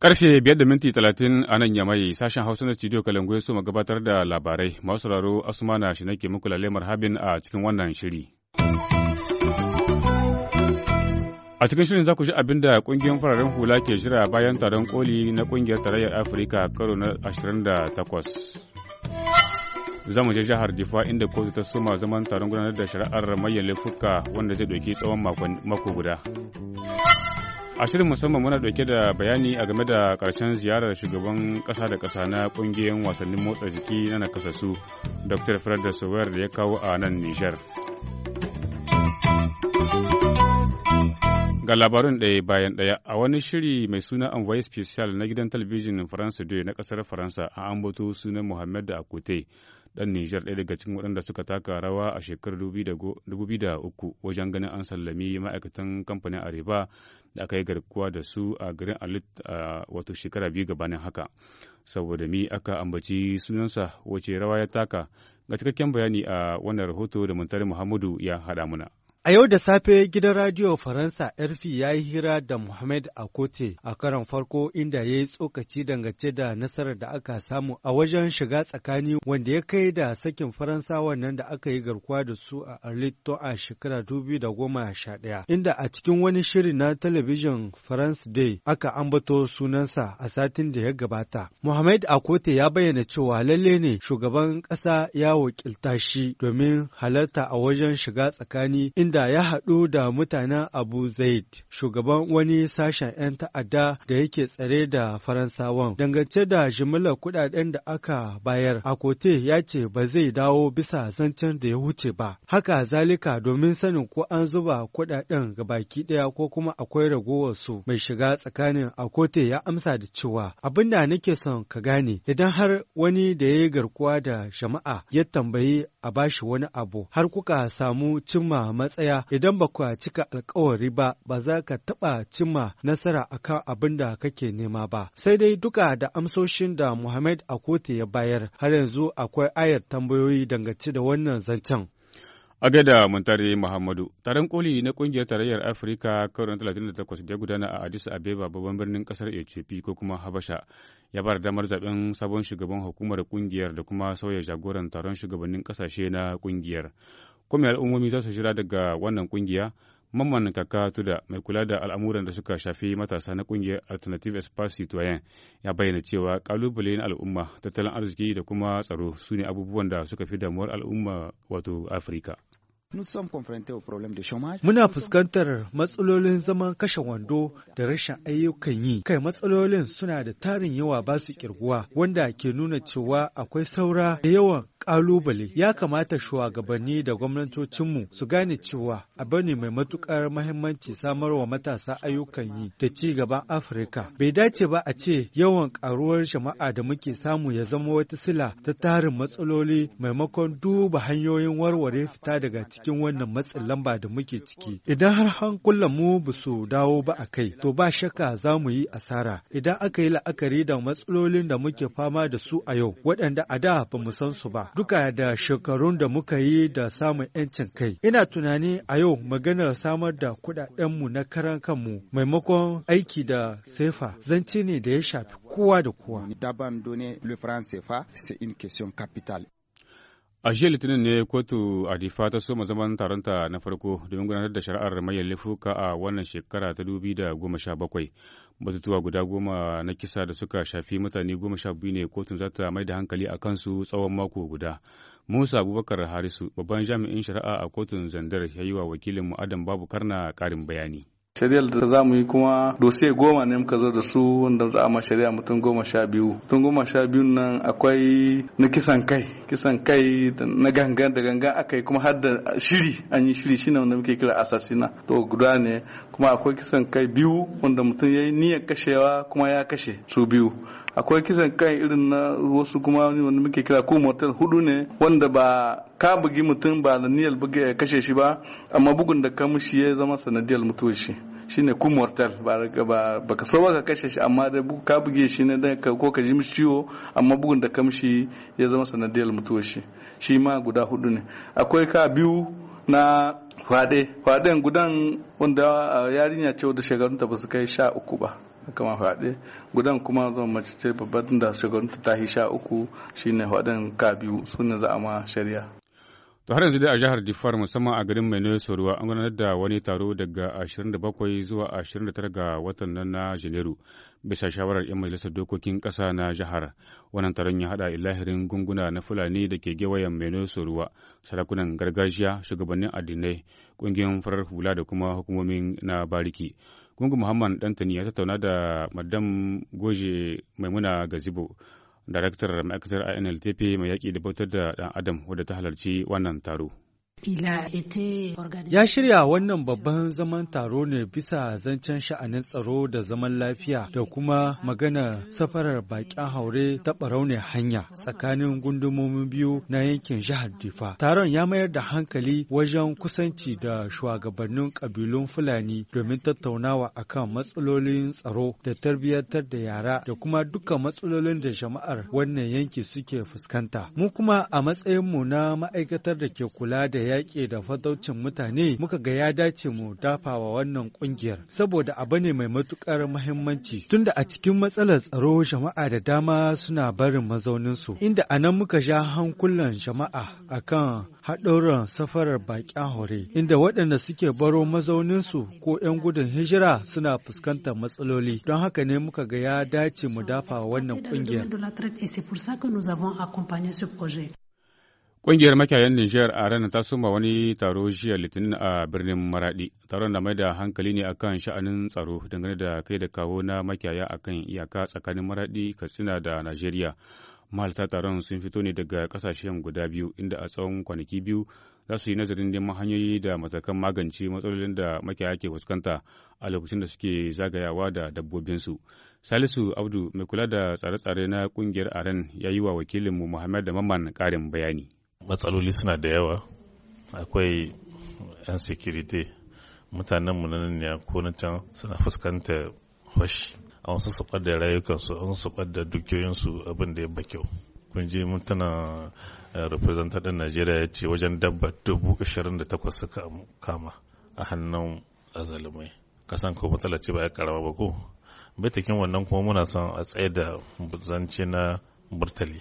Karfe biyar da minti talatin a nan yamai sashen Hausa na studio Kalangu ya soma gabatar da labarai. Masu sauraro Asuma na shi nake muku lalemar habin a cikin wannan shiri. A cikin shirin za ku ji abin da kungiyar fararen hula ke shirya bayan taron koli na kungiyar tarayyar Afirka karo na 28. Za mu je jihar Difa inda kotu ta soma zaman taron gudanar da shari'ar mayan laifuka wanda zai ɗauki tsawon mako guda. A shirin musamman muna ɗauke da bayani a game da karshen ziyarar shugaban kasa da kasa na kungiyar wasannin motsa jiki na nakasassu Dr. Fred da da ya kawo a nan Nijar. Ga labarun ɗaya bayan ɗaya a wani shiri mai suna Envoy Special na gidan talabijin Faransa 2 na kasar Faransa a ambato sunan muhammad da Akute, dan Nijar daya daga cikin waɗanda suka taka rawa a shekarar 2003 wajen ganin an sallami ma'aikatan kamfanin Areba da aka yi garkuwa da su a garin Alit a wato shekara biyu gabanin haka. Saboda mi aka ambaci sunansa wace rawa ya taka ga cikakken bayani a wannan rahoto da Muntari Muhammadu ya haɗa muna. A yau da safe gidan radiyo Faransa rf ya yi hira da Mohamed Akote a karon farko inda ya yi tsokaci dangance da nasarar da aka samu a wajen shiga tsakani wanda ya kai da sakin Faransa wannan da aka yi garkuwa da su a Arlito a shekara ɗaya, inda a cikin wani shiri na talabijin France Day aka ambato sunansa a satin da ya gabata. Mohamed Akote ya bayyana cewa lalle ne shugaban ƙasa ya wakilta shi domin halarta a wajen shiga tsakani inda inda ya haɗu da mutanen Abu Zaid, shugaban wani sashen 'yan ta'adda da yake tsare da Faransawan. Dangance da jimillar kuɗaɗen da aka bayar, Akote ya ce ba zai dawo bisa zancen da ya wuce ba. Haka zalika domin sanin ko an zuba kuɗaɗen ga baki ɗaya ko kuma akwai ragowar su mai shiga tsakanin Akote ya amsa da cewa abin da nake son ka gane idan har wani da ya yi garkuwa da jama'a ya tambayi a bashi wani abu har kuka samu cimma matsayi tsaya idan ba ku cika alkawari ba ba za ka taɓa cimma nasara akan abin da kake nema ba. Sai dai duka da amsoshin da Muhammad Akote ya bayar har yanzu akwai ayar tambayoyi dangance da wannan zancen. A gaida Muntari Muhammadu, taron koli na kungiyar tarayyar Afirka karo na 38 da ya gudana a Addis Abeba babban birnin kasar Ethiopia ko kuma Habasha ya bar damar zaben sabon shugaban hukumar kungiyar da kuma sauya jagoran taron shugabannin kasashe na kungiyar. Kome al'ummomi za su shira daga wannan kungiya mamman kaka tuda mai kula da al'amuran da suka shafi matasa na kungiyar alternative espace citoyen ya bayyana cewa kalubale na al'umma tattalin arziki da kuma tsaro su ne abubuwan da suka fi damuwar al'umma wato afirka Muna fuskantar matsalolin zaman kashe wando da rashin ayyukan yi. Kai matsalolin suna da tarin yawa ba su kirguwa wanda ke nuna cewa akwai saura da yawan ƙalubale, Ya kamata shugabanni da gwamnatocinmu su gane cewa abu ne mai matukar mahimmanci samar wa matasa ayyukan yi da ci gaban Afirka. Bai dace ba a ce yawan ƙaruwar jama'a da muke samu ya zama wata sila ta tarin matsaloli maimakon duba hanyoyin warware fita daga cikin wannan matsin lamba da muke ciki. Idan har hankulan mu ba su dawo ba a kai, to ba shakka za mu yi asara. Idan aka yi la'akari da matsalolin da muke fama da su a yau, waɗanda a da ba mu san su ba, duka da shekarun da muka yi da samun 'yancin kai. Ina tunani a yau maganar samar da kuɗaɗenmu na karan kanmu maimakon aiki da sefa zance ne da ya shafi kowa da kowa. Daban le franc CFA, c'est une question capitale. A jiya Litinin ne kotu Adifa ta soma zaman taronta na farko domin gudanar da shari'ar mayan laifuka a wannan shekara ta dubi da goma sha bakwai. Batutuwa guda goma na kisa da suka shafi mutane goma sha biyu ne kotun za ta mai da hankali a kansu tsawon mako guda. Musa Abubakar Harisu, babban jami'in shari'a a kotun Zandar, ya yi wa wakilinmu Adam Babu Karna karin bayani. shari'ar da za mu yi kuma dosiye goma ne muka zo da su wanda za a ma shari'a mutum goma sha biyu mutum goma sha biyu nan akwai na kisan kai kisan kai na gangan da gangan aka yi kuma har da shiri an yi shiri shine wanda muke kira asasina to guda ne kuma akwai kisan kai biyu wanda mutum ya yi niyan kashewa kuma ya kashe su biyu akwai kisan kai irin na wasu kuma wanda muke kira ko motar hudu ne wanda ba ka bugi mutum ba da niyan buga ya eh, kashe shi ba amma bugun da ka mushi ya zama sanadiyar mutuwar shi shine ku mortal ba baka so ba ka kashe shi amma da ka buge shi ne dan ka ko ka ji mishi ciwo amma bugun da kamshi ya zama sanadiyar mutuwar shi shi ma guda hudu ne akwai ka biyu na fade fade gudan wanda ah, yarinya ce wadda shekarunta ba su kai sha uku ba kama fade gudan kuma zama mace ce babban da shekarunta ta sha uku shine faden ka biyu su ne za a ma shari'a to har yanzu dai a jihar Difar musamman a garin Mai Soruwa an gudanar da wani taro daga 27 zuwa 29 ga watan nan na Janairu bisa shawarar 'yan majalisar dokokin ƙasa na jihar wannan taron ya haɗa lahirin gunguna na fulani da ke gewayen meno ruwa sarakunan gargajiya shugabannin addinai ƙungiyar farar hula da kuma hukumomin na bariki gungu muhammad dantani ya tattauna da madam goje maimuna gazibo daraktar ma'aikatar inltp mai yaƙi da bautar da ɗan adam wadda ta halarci wannan taro Ya shirya wannan babban zaman taro ne bisa zancen sha'anin tsaro da zaman lafiya da kuma magana safarar bakin haure ta ne hanya tsakanin gundumomin biyu na yankin jihar Difa. Taron ya mayar da hankali wajen kusanci da shugabannin kabilun Fulani domin tattaunawa akan matsalolin tsaro da tarbiyyatar da yara da kuma duka matsalolin da jama'ar wannan yanki suke fuskanta. Mu kuma a matsayinmu na ma'aikatar da ke kula da yaƙi da fataucin mutane muka ga ya dace mu dafawa wannan ƙungiyar saboda abu ne mai matuƙar muhimmanci tunda a cikin matsalar tsaro jama'a da dama suna barin mazauninsu inda a nan muka ja hankulan jama'a akan haɗurran safarar baƙin hore inda waɗanda suke baro mazauninsu ko 'yan gudun hijira suna fuskantar matsaloli don haka ne muka ga ya dace mu dafa wannan ƙungiyar. Ƙungiyar makiyayan Nijar a ranar ta suma wani taro jiya Litinin a birnin Maraɗi Taron na mai da hankali ne akan sha'anin tsaro dangane da kai da kawo na makiyaya akan iyaka tsakanin Maraɗi, Katsina da Najeriya. Mahalta taron sun fito ne daga kasashen guda biyu inda a tsawon kwanaki biyu za su yi nazarin neman hanyoyi da matakan magance matsalolin da makiyaya ke fuskanta a lokacin da suke zagayawa da dabbobinsu. Salisu Abdu mai kula da tsare-tsare na ƙungiyar Aren ya yi wa wakilinmu Muhammad Maman ƙarin bayani. matsaloli suna da yawa akwai 'yan security mutanen na nan ko na can suna fuskanta hush. a wasu su da rayukansu a wasu su da dukiyoyinsu abin da ya ba kyau kun ji mutana eh, representant ɗin najeriya ya ce wajen dabba dubu suka kama a hannun azalumai kasan ko matsala ce ba ya karama ba ko bai wannan kuma muna son a tsaye da zance na burtali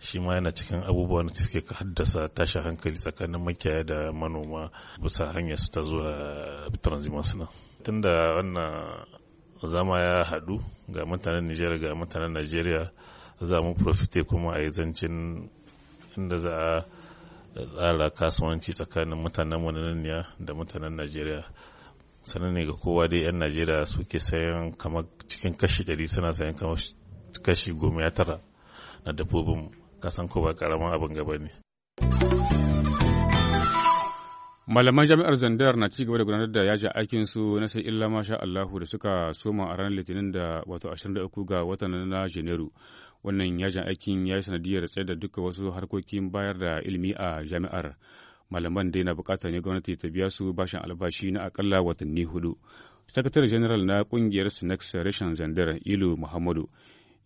shi ma yana cikin abubuwan da suke haddasa tashin hankali tsakanin makiyaya da manoma bisa hanyar su ta zuwa transhumance tun da wannan zama ya haɗu ga mutanen nijar ga mutanen najeriya za mu profite kuma a yi zancen inda za a tsara kasuwanci tsakanin mutanen mananiya da mutanen najeriya sannan ne ga kowa dai 'yan najeriya suke sayan kamar cikin kashi 100 suna sayan kamar kashi goma ya na dabbobin kasan ko ba karamin abin gaba ne. malaman jami'ar zandar na cigaba da gudanar da yajin aikin su na sai illa masha Allahu da suka soma a ranar litinin da wato 23 ga watan na Janairu wannan yajin aikin ya yi sanadiyar tsaye da duka wasu harkokin bayar da ilimi a jami'ar malaman dai na bukatar ne gwamnati ta biya su bashin albashi na akalla watanni hudu sakatare general na kungiyar sinex reshen zandar ilu muhammadu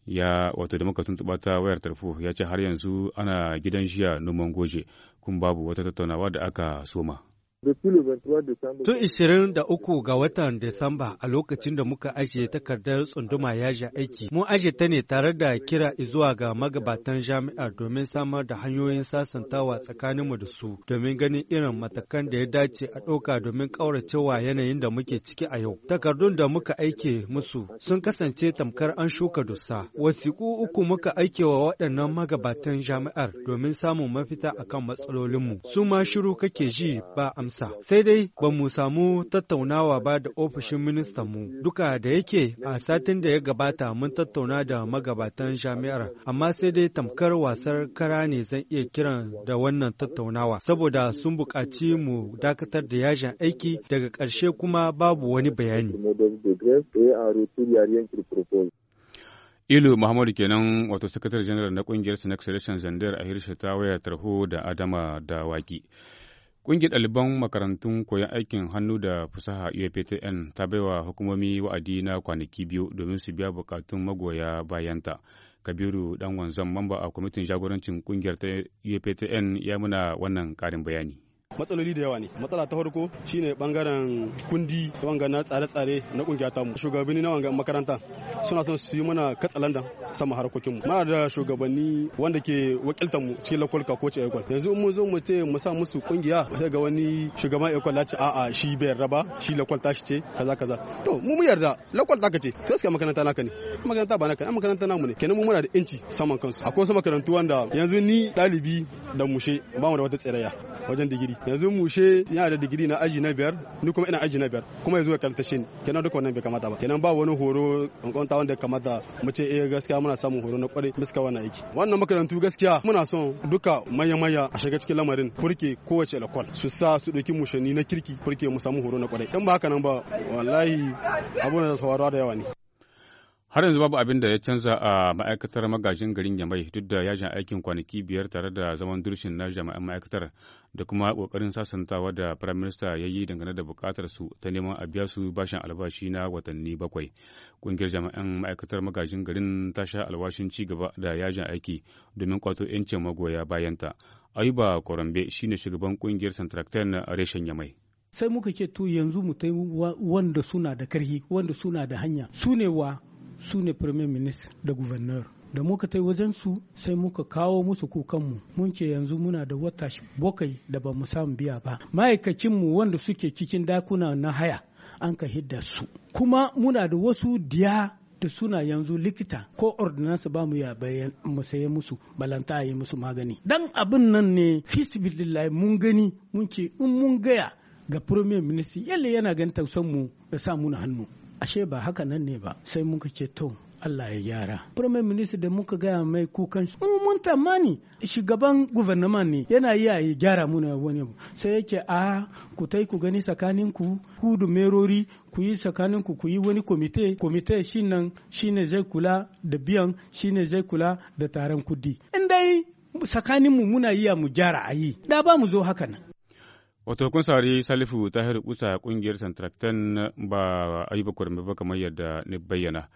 ya wato da muka tuntuɓa ta wayar tarfo ya ce har yanzu ana gidan jiya noman goje kuma babu wata tattaunawa da aka soma. Tun 23 ga watan Disamba a lokacin da muka ajiye takardar tsunduma yaji aiki, mun ajiye ta ne tare da kira zuwa ga magabatan jami'ar domin samar da hanyoyin sasantawa tsakaninmu da su domin ganin irin matakan da ya dace a ɗauka domin ƙauracewa yanayin da muke ciki a yau. Takardun da muka aike musu sun kasance tamkar an shuka dusa. Wasiƙu uku muka aike wa waɗannan magabatan jami'ar domin samun mafita akan matsalolinmu. Su ma shiru kake ji ba amsa. Sai dai ba mu samu tattaunawa ba da ofishin ministan mu. Duka da yake a satin da ya gabata mun tattauna da magabatan jami'ar, amma sai dai tamkar wasar kara ne zan iya kiran da wannan tattaunawa, saboda sun buƙaci mu dakatar da yajin aiki daga ƙarshe kuma babu wani bayani. Ilu Muhammadu kenan wato sakatar janar na kungiyar senex selection Zandar a hirshe ta waya tarho da Adama da Waki. Ƙungiyar ɗaliban makarantun koyon aikin hannu da fasaha UAPTN ta baiwa hukumomi wa'adi na kwanaki biyu domin su biya buƙatun magoya bayanta. Kabiru ɗan wanzan mamba a kwamitin jagorancin ƙungiyar ta UAPTN ya muna wannan ƙarin bayani. matsaloli da yawa ne matsala ta farko shine bangaren kundi wanga na tsare-tsare na kungiya ta mu shugabanni na wanga makaranta suna son su yi mana katsalanda sama harkokin mu muna da shugabanni wanda ke wakiltar mu cikin ka ko ce ekol yanzu mun zo mu ce mu sa musu kungiya sai ga wani shugaban ekol ya ce a'a shi bai yarda ba shi ta shi ce kaza kaza to mu mu yarda ta ka ce to gaskiya makaranta naka ne makaranta ba naka ne makaranta namu ne kenan mu muna da inci saman kansu akwai wasu makarantu wanda yanzu ni dalibi da mushe ba mu da wata tsiraya wajen digiri yanzu mushe yana da digiri na aji na biyar ni kuma ina aji na biyar kuma yanzu ya karanta shi ne kenan duka wannan bai kamata ba kenan ba wani horo an kwanta wanda ya kamata mu ce eh gaskiya muna samun horo na kwarai miska wannan aiki wannan makarantu gaskiya muna son duka manya manya a shiga cikin lamarin furke kowace lakwal su sa su dauki mushani na kirki furke mu samu horo na kwarai in ba haka nan ba wallahi abun da faruwa da yawa ne Har yanzu babu abin da ya canza a ma'aikatar magajin garin Yamai duk da yajin aikin kwanaki biyar tare da zaman durshin na jami'an ma'aikatar da kuma kokarin sasantawa da prime minister ya yi dangane da bukatar su ta neman a biya su bashin albashi na watanni bakwai. Ƙungiyar jami'an ma'aikatar magajin garin ta sha alwashin ci gaba da yajin aiki domin kwato 'yancin magoya bayanta. Ayuba Korambe shine shugaban ƙungiyar Santrakten a reshen Yamai. Sai muka ce to yanzu mu wanda suna da karhi wanda suna da hanya su ne wa su ne premier minister da gouverneur da muka tai wajen su sai muka kawo musu kukanmu mun ce yanzu muna da wata bokai da ba mu samu biya ba ma'aikacinmu wanda suke cikin dakuna na haya an ka hidda su kuma muna da wasu diya da suna yanzu likita ko ordinance ba mu ya mu saye musu balanta yi musu magani dan abin nan ne fisibilillahi mun gani mun ce in mun gaya ga premier minister yalle yana ganin tausan mu da samu na hannu ashe ba haka nan ne ba sai muka ce to Allah ya gyara. Prime Minister da muka gaya mai kukan su, mun tamani shugaban guvernaman ne yana iya ya gyara muna wani abu. Sai yake a ku tai ku gani tsakanin ku ku da merori ku yi tsakanin ku ku yi wani komite komite shi nan shi ne zai kula da biyan shi ne zai kula da taron kudi. In dai tsakaninmu muna iya mu gyara a yi da ba mu zo haka nan. Wato kun sari Salifu Tahiru Kusa kungiyar Santraktan ba Ayuba Kurmi ba kamar yadda ni bayyana.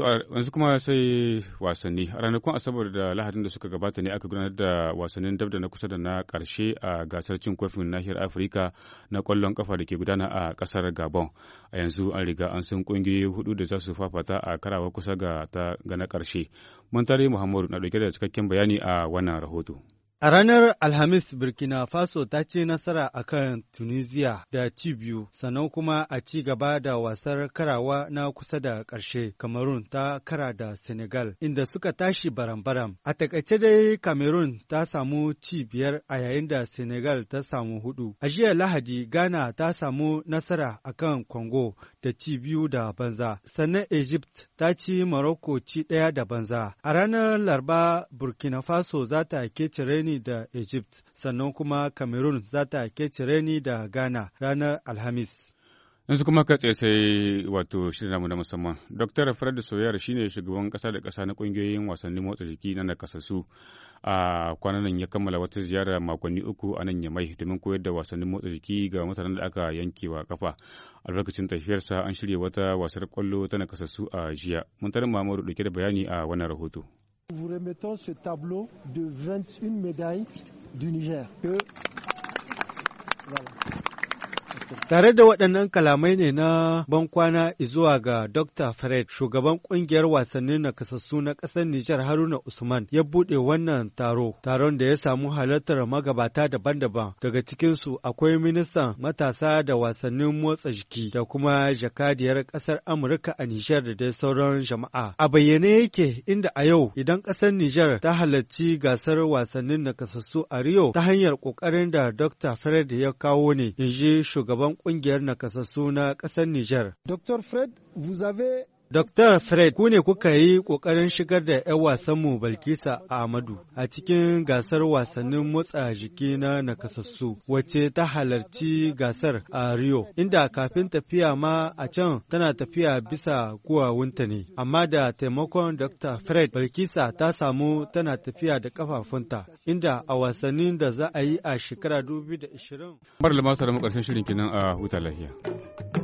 To yanzu kuma sai wasanni. A ranakun Asabar da Lahadin da suka gabata ne aka gudanar da wasannin dab da na kusa da na karshe a gasar cin kofin nahiyar Afirka na kwallon kafa da ke gudana a kasar Gabon. A yanzu an riga an san kungiyoyi hudu da za su fafata a karawa kusa ga na karshe. Muntari Muhammadu na dauke da cikakken bayani a wannan rahoto. A ranar Alhamis Burkina Faso ta ce nasara a kan Tunisia da ci biyu, sannan kuma a ci gaba da wasar karawa na kusa da ƙarshe, Cameroon ta kara da Senegal, inda suka tashi baram-baram. A takaice dai Cameroon ta samu ci biyar a yayin da Senegal ta samu hudu. A jiya Lahadi Ghana ta samu nasara a kan Congo da ci biyu da banza, sannan Egypt ta ci Morocco ci ɗaya da banza. A ranar Larba Burkina Faso za ta kece reni da Egypt, sannan kuma Cameroon za ta kece reni da Ghana ranar Alhamis. yanzu kuma tsaye sai wato shirin namu na musamman dr fred soyar shine shugaban kasa da kasa na kungiyoyin wasannin motsa jiki na nakasassu a kwanan nan ya kammala wata ziyara makonni uku a nan yamai domin koyar da wasannin motsa jiki ga mutanen da aka yanke wa kafa albarkacin tafiyarsa an shirya wata wasar kwallo ta nakasassu a jiya mun tarin mamuru dauke da bayani a wannan rahoto vous remettons ce tableau de 21 médailles du Niger que voilà. Tare da waɗannan kalamai ne na bankwana izuwa ga Dr. Fred, shugaban ƙungiyar wasannin nakasassu na ƙasar Nijar Haruna Usman ya buɗe wannan taro, taron da ya samu halartar magabata daban-daban. Daga cikinsu akwai ministan matasa da wasannin motsa jiki da kuma jakadiyar ƙasar Amurka a Nijar da dai sauran jama'a. A bayyane yake inda a yau idan ƙasar Nijar ta halarci gasar wasannin nakasassu a Rio ta hanyar ƙoƙarin da Dr. Fred ya kawo ne, in ji shugaban shugaban ƙungiyar nakasassu na ƙasar Nijar. Dr. Fred, vous avez Dr. Fred, ku ne kuka yi ƙoƙarin shigar da 'yan wasanmu Balkisa Ahmadu a cikin gasar wasannin motsa jiki na nakasassu, wacce ta halarci gasar a Rio, inda kafin tafiya ma a can tana tafiya bisa guwawunta ne. Amma da taimakon Dr. Fred, Balkisa ta samu tana tafiya da kafafunta, inda a wasannin da za a yi a shekara 2020. Bar da mu shirin kinan a huta lahiya.